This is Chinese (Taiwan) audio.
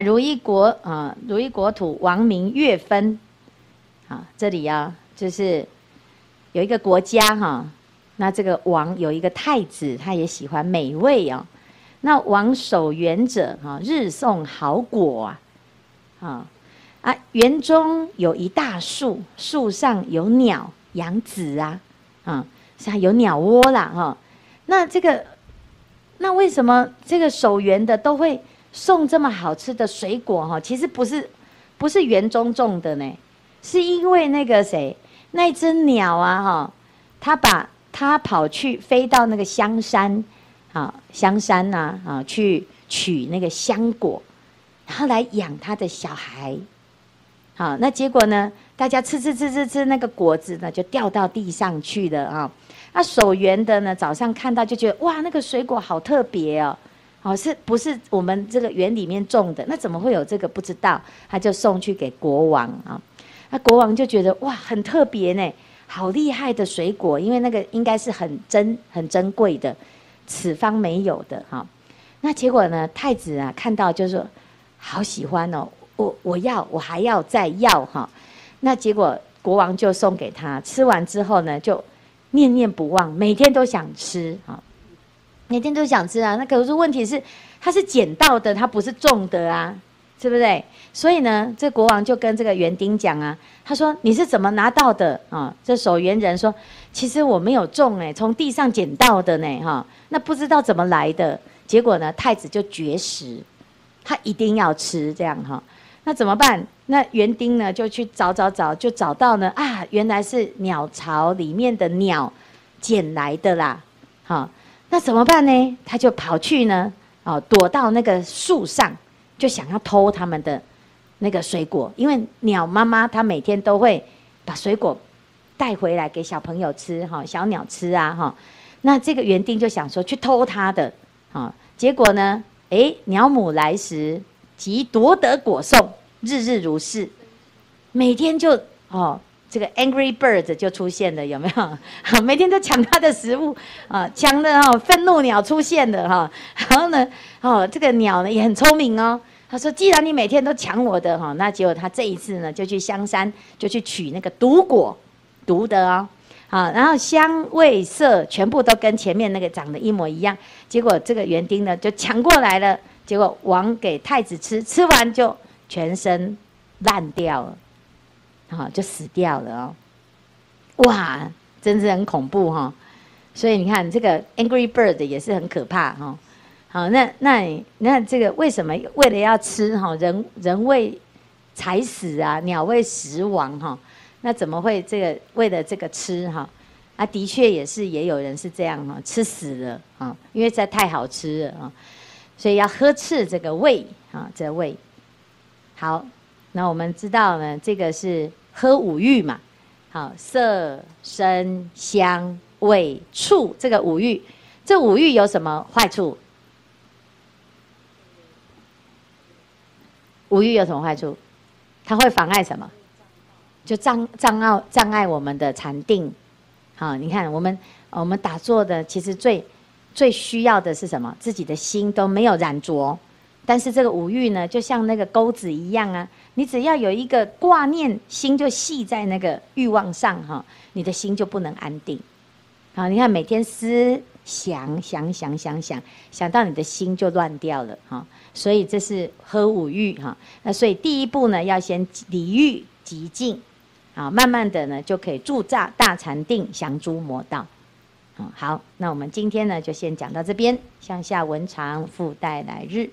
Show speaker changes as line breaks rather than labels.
如意國啊，如意國土王名月分，啊，這裡啊，就是有一個國家哈、啊，那這個王有一個太子，他也喜歡美味哦、啊。那王守園者哈、啊，日送好果啊，啊園、啊、中有一大樹，樹上有鳥養子啊，啊，像、啊、有鳥窩啦哈、啊，那這個那為什麼這個守園的都會送這麼好吃的水果哈、喔，其實不是，不是園中種的呢，是因為那個誰，那只鳥啊哈、喔，它把它跑去飛到那個香山，啊、喔、香山吶啊、喔、去取那個香果，然後來養它的小孩，好、喔、那結果呢，大家吃吃吃吃吃那個果子呢就掉到地上去了、喔、啊，那守園的呢早上看到就覺得哇那個水果好特別哦、喔。哦，是不是我們這個園裡面種的？那怎麼會有這個？不知道，他就送去給國王啊、哦。那國王就覺得哇，很特別呢，好厲害的水果，因為那個應該是很珍、很珍貴的，此方沒有的哈、哦。那結果呢，太子啊看到就是說，好喜歡哦，我我要，我還要再要哈、哦。那結果國王就送給他，吃完之後呢，就念念不忘，每天都想吃、哦。每天都想吃啊，那可是問題是，它，是撿到的，它不是種的啊，是不是？所以呢，這個、國王就跟這個園丁講啊，他說：“你是怎麼拿到的？”啊、哦，這守園人說：“其實我沒有種、欸，誒，從地上撿到的呢、欸，哈、哦。那不知道怎麼來的。結果呢，太子就絕食，他一定要吃這樣哈、哦。那怎麼辦？那園丁呢就去找找找，就找到呢啊，原來是鳥巢裡面的鳥撿來的啦，哈、哦。”那怎麼辦呢？他就跑去呢，哦，躲到那個樹上，就想要偷他們的那個水果。因為鳥媽媽她每天都會把水果帶回來給小朋友吃，哈、哦，小鳥吃啊，哈、哦。那這個園丁就想說去偷它的，啊、哦，結果呢，誒、欸，鳥母來時即奪得果送，日日如是，每天就，哦。這個 Angry Bird 就出現了，有沒有？每天都搶他的食物，啊，搶的哦，憤怒鳥出現了哈，然後呢，哦，這個鳥呢也很聰明哦，他說，既然你每天都搶我的哈，那結果他這一次呢就去香山，就去取那個毒果，毒的哦，好，然後香味色全部都跟前面那個長得一模一樣，結果這個園丁呢就搶過來了，結果王給太子吃，吃完就全身爛掉了。哈，就死掉了哦！哇，真是很恐怖哈、哦！所以你看，這個 Angry Bird 也是很可怕哈、哦。好，那那你那這個為什麼為了要吃哈？人人為財死啊，鳥為食亡哈、哦。那怎麼會這個為了這個吃哈？啊，啊，的確也是，也有人是這樣哈、哦，吃死了啊、哦，因為這太好吃了啊、哦，所以要呵斥這個胃啊，這個、胃。好，那我們知道呢，這個是。喝五欲嘛，好色、聲、香、味、觸，這個五欲，這五欲有什麼壞處？五欲有什麼壞處？它會妨礙什麼？就障障礙障礙我們的禪定。好，你看我們我們打坐的，其實最最需要的是什麼？自己的心都沒有染着。但是這個五欲呢，就像那個鈎子一樣啊，你只要有一個掛念心，就繫在那個欲望上哈、哦，你的心就不能安定。好，你看每天思想想想想想想到你的心就亂掉了哈、哦，所以這是訶五欲哈。那所以第一步呢，要先離欲極靜、哦，慢慢的呢就可以助炸大禪定降諸魔道。嗯，好，那我們今天呢就先講到這邊，向下文長附帶來日。